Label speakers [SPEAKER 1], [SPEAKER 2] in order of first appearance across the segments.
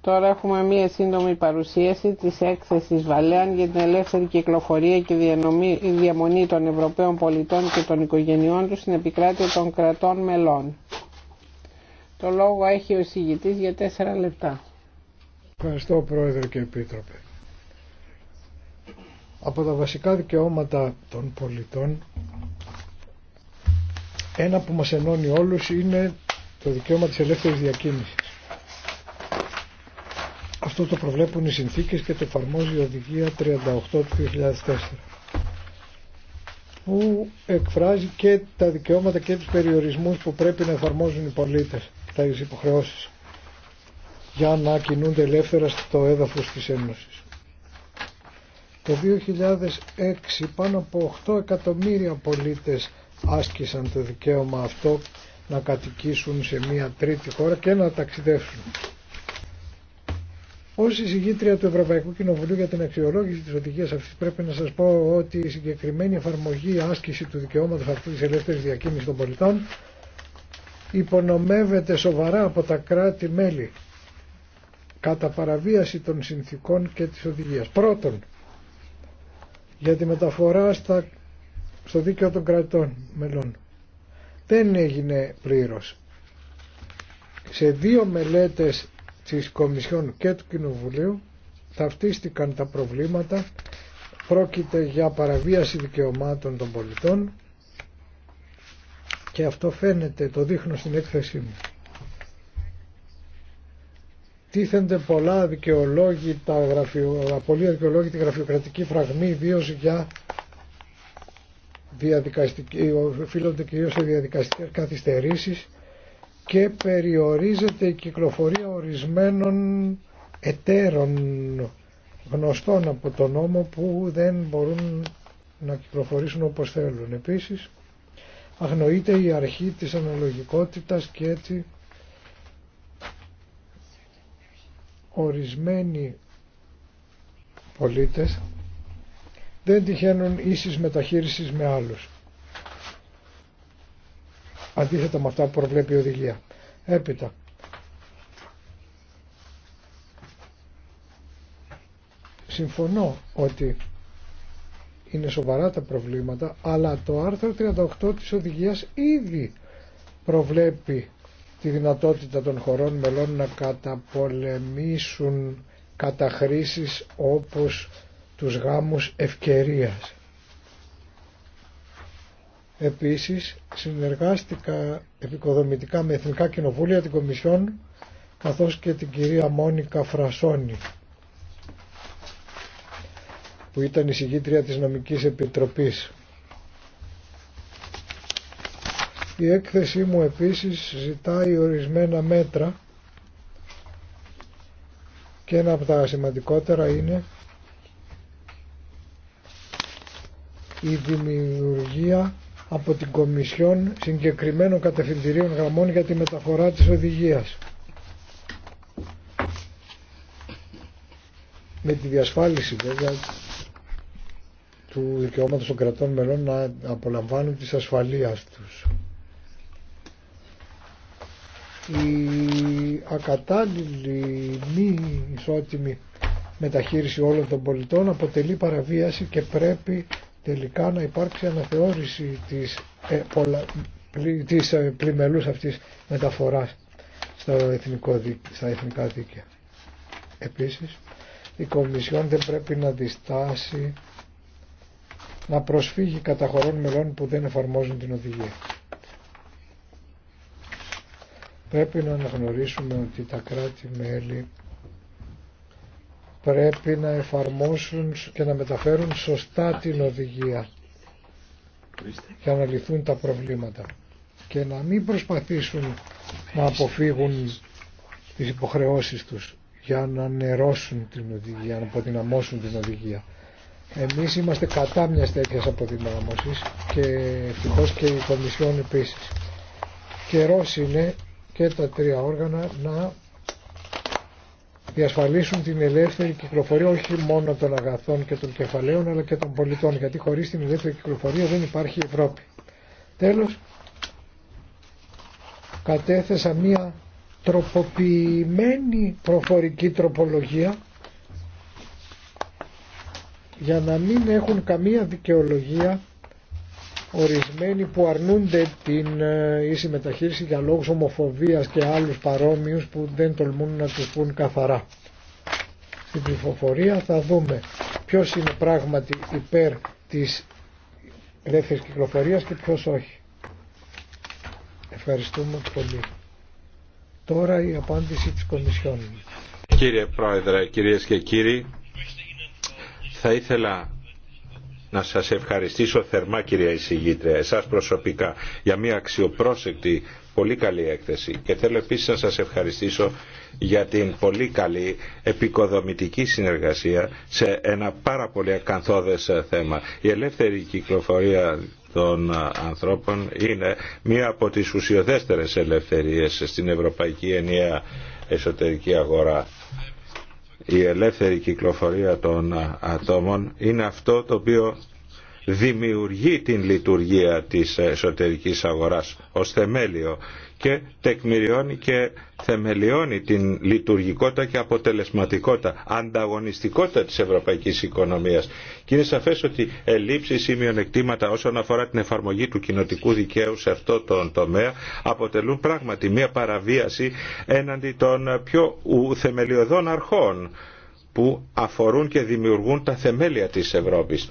[SPEAKER 1] Τώρα έχουμε μία σύντομη παρουσίαση της έκθεσης Βαλέαν για την ελεύθερη κυκλοφορία και διαμονή των Ευρωπαίων πολιτών και των οικογενειών τους στην επικράτεια των κρατών μελών. Το λόγο έχει ο συγγητής για τέσσερα λεπτά.
[SPEAKER 2] Ευχαριστώ Πρόεδρε και Επίτροπε. Από τα βασικά δικαιώματα των πολιτών ένα που μας ενώνει όλους είναι το δικαίωμα της ελεύθερης διακίνησης. Αυτό το προβλέπουν οι συνθήκες και το εφαρμόζει η Οδηγία 38 του 2004 που εκφράζει και τα δικαιώματα και τους περιορισμούς που πρέπει να εφαρμόζουν οι πολίτες, τα υποχρεώσεις, για να κινούνται ελεύθερα στο έδαφος της Ένωσης. Το 2006 πάνω από 8 εκατομμύρια πολίτες άσκησαν το δικαίωμα αυτό να κατοικήσουν σε μια τρίτη χώρα και να ταξιδεύσουν. Ω εισηγήτρια του Ευρωπαϊκού Κοινοβουλίου για την αξιολόγηση τη οδηγία αυτή, πρέπει να σα πω ότι η συγκεκριμένη εφαρμογή άσκηση του δικαιώματο αυτή τη ελεύθερη διακίνηση των πολιτών υπονομεύεται σοβαρά από τα κράτη-μέλη κατά παραβίαση των συνθήκων και της οδηγίας. Πρώτον, για τη μεταφορά στα στο δίκαιο των κρατών μελών. Δεν έγινε πλήρως. Σε δύο μελέτες της Κομισιόν και του Κοινοβουλίου ταυτίστηκαν τα προβλήματα. Πρόκειται για παραβίαση δικαιωμάτων των πολιτών και αυτό φαίνεται, το δείχνω στην έκθεσή μου. Τίθενται πολλά δικαιολόγητα, δικαιολόγητη γραφειοκρατική φραγμή, ιδίω για οφείλονται κυρίως σε διαδικαστικές καθυστερήσεις και περιορίζεται η κυκλοφορία ορισμένων εταίρων γνωστών από τον νόμο που δεν μπορούν να κυκλοφορήσουν όπως θέλουν. Επίσης, αγνοείται η αρχή της αναλογικότητας και έτσι ορισμένοι πολίτες δεν τυχαίνουν ίσης μεταχείρισης με άλλους. Αντίθετα με αυτά που προβλέπει η οδηγία. Έπειτα. Συμφωνώ ότι είναι σοβαρά τα προβλήματα, αλλά το άρθρο 38 της οδηγίας ήδη προβλέπει τη δυνατότητα των χωρών μελών να καταπολεμήσουν καταχρήσεις όπως τους γάμους ευκαιρίας. Επίσης, συνεργάστηκα επικοδομητικά με Εθνικά Κοινοβούλια την Κομισιόν καθώς και την κυρία Μόνικα Φρασόνη που ήταν η συγγήτρια της Νομικής Επιτροπής. Η έκθεσή μου επίσης ζητάει ορισμένα μέτρα και ένα από τα σημαντικότερα είναι η δημιουργία από την Κομισιόν συγκεκριμένων κατευθυντηρίων γραμμών για τη μεταφορά της οδηγίας. Με τη διασφάλιση βέβαια του δικαιώματο των κρατών μελών να απολαμβάνουν τις ασφαλείας τους. Η ακατάλληλη μη ισότιμη μεταχείριση όλων των πολιτών αποτελεί παραβίαση και πρέπει τελικά να υπάρξει αναθεώρηση της, ε, πολλα, πλη, της ε, πλημελούς αυτής μεταφοράς στα, εθνικό, στα εθνικά δίκαια. Επίσης, η Κομισιόν δεν πρέπει να διστάσει να προσφύγει κατά χωρών μελών που δεν εφαρμόζουν την οδηγία. Πρέπει να αναγνωρίσουμε ότι τα κράτη-μέλη πρέπει να εφαρμόσουν και να μεταφέρουν σωστά την οδηγία για να λυθούν τα προβλήματα και να μην προσπαθήσουν να αποφύγουν τις υποχρεώσεις τους για να νερώσουν την οδηγία, να αποδυναμώσουν την οδηγία. Εμείς είμαστε κατά μια τέτοια αποδυνάμωσης και ευτυχώς και οι Κομισιόν επίσης. Καιρός είναι και τα τρία όργανα να διασφαλίσουν την ελεύθερη κυκλοφορία όχι μόνο των αγαθών και των κεφαλαίων αλλά και των πολιτών γιατί χωρίς την ελεύθερη κυκλοφορία δεν υπάρχει Ευρώπη. Τέλος, κατέθεσα μία τροποποιημένη προφορική τροπολογία για να μην έχουν καμία δικαιολογία ορισμένοι που αρνούνται την ε, ίση μεταχείριση για λόγους ομοφοβίας και άλλους παρόμοιους που δεν τολμούν να τους πούν καθαρά. Στην πληροφορία θα δούμε ποιος είναι πράγματι υπέρ της ελεύθερης κυκλοφορίας και ποιος όχι. Ευχαριστούμε πολύ. Τώρα η απάντηση της Κομισιόν.
[SPEAKER 1] Κύριε Πρόεδρε, κυρίες και κύριοι, θα ήθελα να σας ευχαριστήσω θερμά κυρία εισηγήτρια, εσάς προσωπικά, για μια αξιοπρόσεκτη πολύ καλή έκθεση. Και θέλω επίσης να σας ευχαριστήσω για την πολύ καλή επικοδομητική συνεργασία σε ένα πάρα πολύ ακαθόδες θέμα. Η ελεύθερη κυκλοφορία των ανθρώπων είναι μία από τις ουσιοδέστερες ελευθερίες στην Ευρωπαϊκή Ενιαία Εσωτερική Αγορά η ελεύθερη κυκλοφορία των ατόμων είναι αυτό το οποίο δημιουργεί την λειτουργία της εσωτερικής αγοράς ως θεμέλιο και τεκμηριώνει και θεμελιώνει την λειτουργικότητα και αποτελεσματικότητα, ανταγωνιστικότητα της ευρωπαϊκής οικονομίας. Και είναι σαφές ότι ελλείψεις ή μειονεκτήματα όσον αφορά την εφαρμογή του κοινοτικού δικαίου σε αυτό το τομέα αποτελούν πράγματι μια παραβίαση έναντι των πιο θεμελιωδών αρχών που αφορούν και δημιουργούν τα θεμέλια της Ευρώπης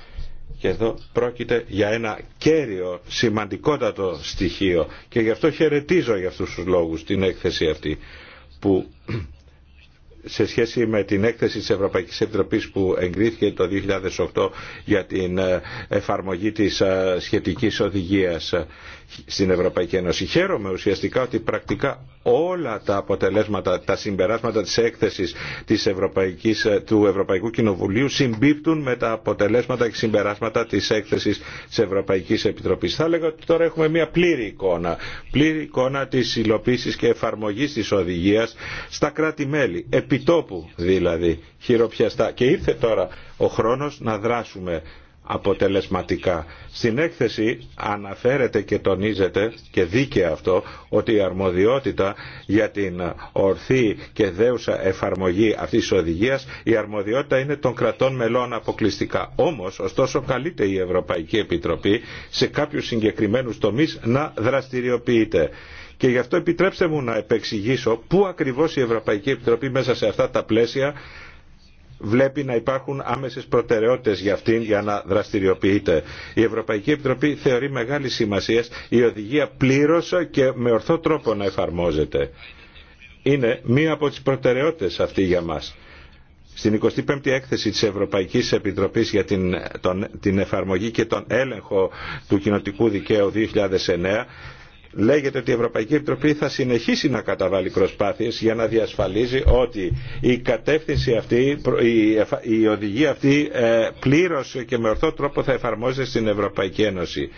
[SPEAKER 1] και εδώ πρόκειται για ένα κέριο σημαντικότατο στοιχείο και γι' αυτό χαιρετίζω για αυτούς τους λόγους την έκθεση αυτή που σε σχέση με την έκθεση της Ευρωπαϊκής Επιτροπής που εγκρίθηκε το 2008 για την ε, εφαρμογή της ε, σχετικής οδηγίας στην Ευρωπαϊκή Ένωση. Χαίρομαι ουσιαστικά ότι πρακτικά όλα τα αποτελέσματα, τα συμπεράσματα της έκθεσης του Ευρωπαϊκού Κοινοβουλίου συμπίπτουν με τα αποτελέσματα και συμπεράσματα της έκθεσης της Ευρωπαϊκής Επιτροπής. Θα έλεγα ότι τώρα έχουμε μια πλήρη εικόνα, πλήρη εικόνα της υλοποίησης και εφαρμογής της οδηγίας στα κράτη-μέλη, επιτόπου δηλαδή, χειροπιαστά. Και ήρθε τώρα ο χρόνος να δράσουμε αποτελεσματικά. Στην έκθεση αναφέρεται και τονίζεται και δίκαια αυτό ότι η αρμοδιότητα για την ορθή και δέουσα εφαρμογή αυτής της οδηγίας η αρμοδιότητα είναι των κρατών μελών αποκλειστικά. Όμως, ωστόσο, καλείται η Ευρωπαϊκή Επιτροπή σε κάποιους συγκεκριμένους τομείς να δραστηριοποιείται. Και γι' αυτό επιτρέψτε μου να επεξηγήσω πού ακριβώς η Ευρωπαϊκή Επιτροπή μέσα σε αυτά τα πλαίσια βλέπει να υπάρχουν άμεσες προτεραιότητες για αυτήν για να δραστηριοποιείται. Η Ευρωπαϊκή Επιτροπή θεωρεί μεγάλη σημασία η οδηγία πλήρως και με ορθό τρόπο να εφαρμόζεται. Είναι μία από τις προτεραιότητες αυτή για μας. Στην 25η έκθεση της Ευρωπαϊκής Επιτροπής για την, την εφαρμογή και τον έλεγχο του κοινοτικού δικαίου 2009 λέγεται ότι η Ευρωπαϊκή Επιτροπή θα συνεχίσει να καταβάλει προσπάθειες για να διασφαλίζει ότι η κατεύθυνση αυτή, η οδηγία αυτή ε, πλήρως και με ορθό τρόπο θα εφαρμόζεται στην Ευρωπαϊκή Ένωση.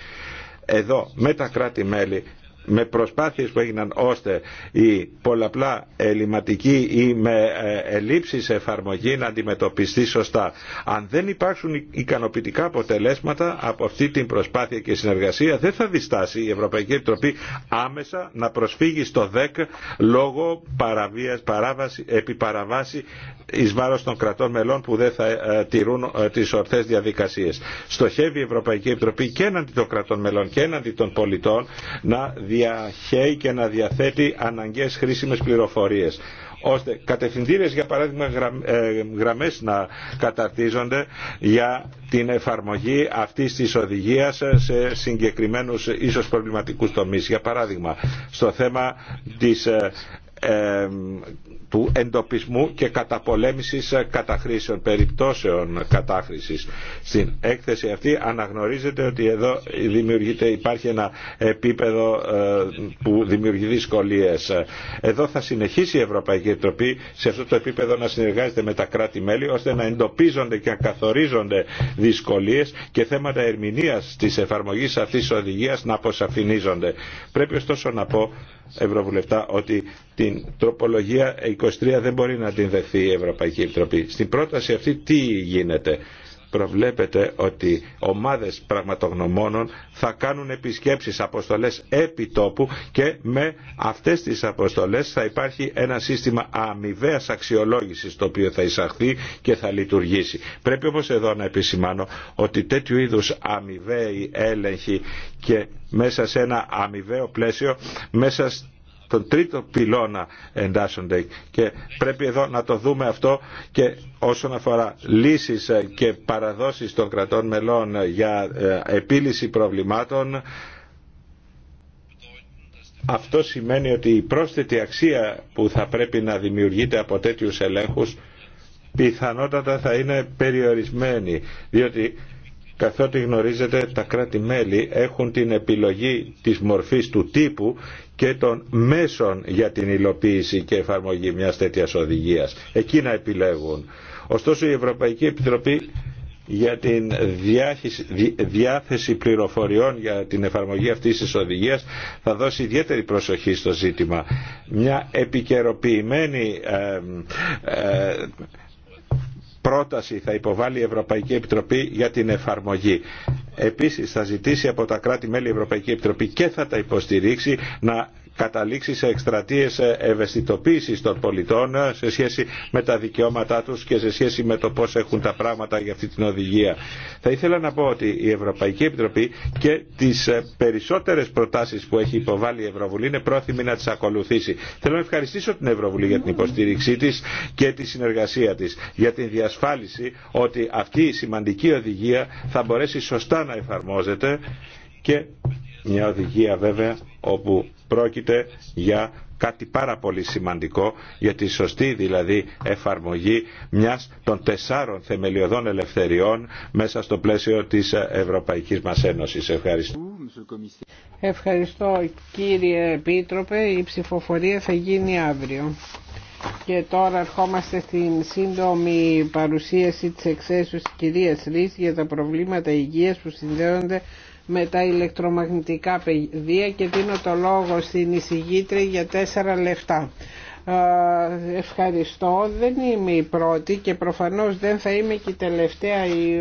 [SPEAKER 1] Εδώ με τα κράτη-μέλη με προσπάθειες που έγιναν ώστε η πολλαπλά ελληματική ή με ε, ελλείψεις εφαρμογή να αντιμετωπιστεί σωστά. Αν δεν υπάρξουν ικανοποιητικά αποτελέσματα από αυτή την προσπάθεια και συνεργασία δεν θα διστάσει η Ευρωπαϊκή Επιτροπή άμεσα να προσφύγει στο ΔΕΚ λόγω παραβίας, παράβαση, επιπαραβάση εις βάρος των κρατών μελών που δεν θα ε, τηρούν ε, τις ορθές διαδικασίες. Στοχεύει η Ευρωπαϊκή Επιτροπή και έναντι των κρατών μελών και έναντι των πολιτών να διαχέει και να διαθέτει αναγκαίες χρήσιμες πληροφορίες ώστε κατευθυντήρες για παράδειγμα ε, γραμμές να καταρτίζονται για την εφαρμογή αυτής της οδηγίας σε συγκεκριμένους ίσως προβληματικούς τομείς. Για παράδειγμα, στο θέμα της ε, του εντοπισμού και καταπολέμησης ε, καταχρήσεων, περιπτώσεων κατάχρησης. Στην έκθεση αυτή αναγνωρίζεται ότι εδώ δημιουργείται, υπάρχει ένα επίπεδο ε, που δημιουργεί δυσκολίες. Εδώ θα συνεχίσει η Ευρωπαϊκή Επιτροπή σε αυτό το επίπεδο να συνεργάζεται με τα κράτη-μέλη ώστε να εντοπίζονται και να καθορίζονται δυσκολίες και θέματα ερμηνείας της εφαρμογής αυτής της οδηγίας να αποσαφηνίζονται. Πρέπει ωστόσο να πω Ευρωβουλευτά ότι την τροπολογία 23 δεν μπορεί να την δεχθεί η Ευρωπαϊκή Επιτροπή. Στην πρόταση αυτή τι γίνεται προβλέπεται ότι ομάδες πραγματογνωμόνων θα κάνουν επισκέψεις, αποστολές επί τόπου και με αυτές τις αποστολές θα υπάρχει ένα σύστημα αμοιβαίας αξιολόγησης το οποίο θα εισαχθεί και θα λειτουργήσει. Πρέπει όμως εδώ να επισημάνω ότι τέτοιου είδους αμοιβαίοι έλεγχοι και μέσα σε ένα αμοιβαίο πλαίσιο, μέσα τον τρίτο πυλώνα εντάσσονται και πρέπει εδώ να το δούμε αυτό και όσον αφορά λύσεις και παραδόσεις των κρατών μελών για ε, επίλυση προβλημάτων αυτό σημαίνει ότι η πρόσθετη αξία που θα πρέπει να δημιουργείται από τέτοιους ελέγχους πιθανότατα θα είναι περιορισμένη διότι καθότι γνωρίζετε τα κράτη-μέλη έχουν την επιλογή της μορφής του τύπου και των μέσων για την υλοποίηση και εφαρμογή μιας τέτοιας οδηγίας. Εκεί να επιλέγουν. Ωστόσο η Ευρωπαϊκή Επιτροπή για την διάθεση πληροφοριών για την εφαρμογή αυτής της οδηγίας θα δώσει ιδιαίτερη προσοχή στο ζήτημα. Μια επικαιροποιημένη ε, ε, πρόταση θα υποβάλει η Ευρωπαϊκή Επιτροπή για την εφαρμογή. Επίσης θα ζητήσει από τα κράτη-μέλη η Ευρωπαϊκή Επιτροπή και θα τα υποστηρίξει να καταλήξει σε εκστρατείες ευαισθητοποίησης των πολιτών ε, σε σχέση με τα δικαιώματά τους και σε σχέση με το πώς έχουν τα πράγματα για αυτή την οδηγία. Θα ήθελα να πω ότι η Ευρωπαϊκή Επιτροπή και τις ε, περισσότερες προτάσεις που έχει υποβάλει η Ευρωβουλή είναι πρόθυμη να τις ακολουθήσει. Θέλω να ευχαριστήσω την Ευρωβουλή για την υποστήριξή της και τη συνεργασία της για την διασφάλιση ότι αυτή η σημαντική οδηγία θα μπορέσει σωστά να εφαρμόζεται και μια οδηγία βέβαια όπου πρόκειται για κάτι πάρα πολύ σημαντικό για τη σωστή δηλαδή εφαρμογή μιας των τεσσάρων θεμελιωδών ελευθεριών μέσα στο πλαίσιο της Ευρωπαϊκής μας Ένωσης. Ευχαριστώ. Ευχαριστώ κύριε Επίτροπε. Η ψηφοφορία θα γίνει αύριο. Και τώρα ερχόμαστε στην σύντομη παρουσίαση της εξέσεως της κυρίας Ρής για τα προβλήματα υγείας που συνδέονται με τα ηλεκτρομαγνητικά πεδία και δίνω το λόγο στην εισηγήτρια για τέσσερα λεφτά. Ευχαριστώ. Δεν είμαι η πρώτη και προφανώς δεν θα είμαι και η τελευταία η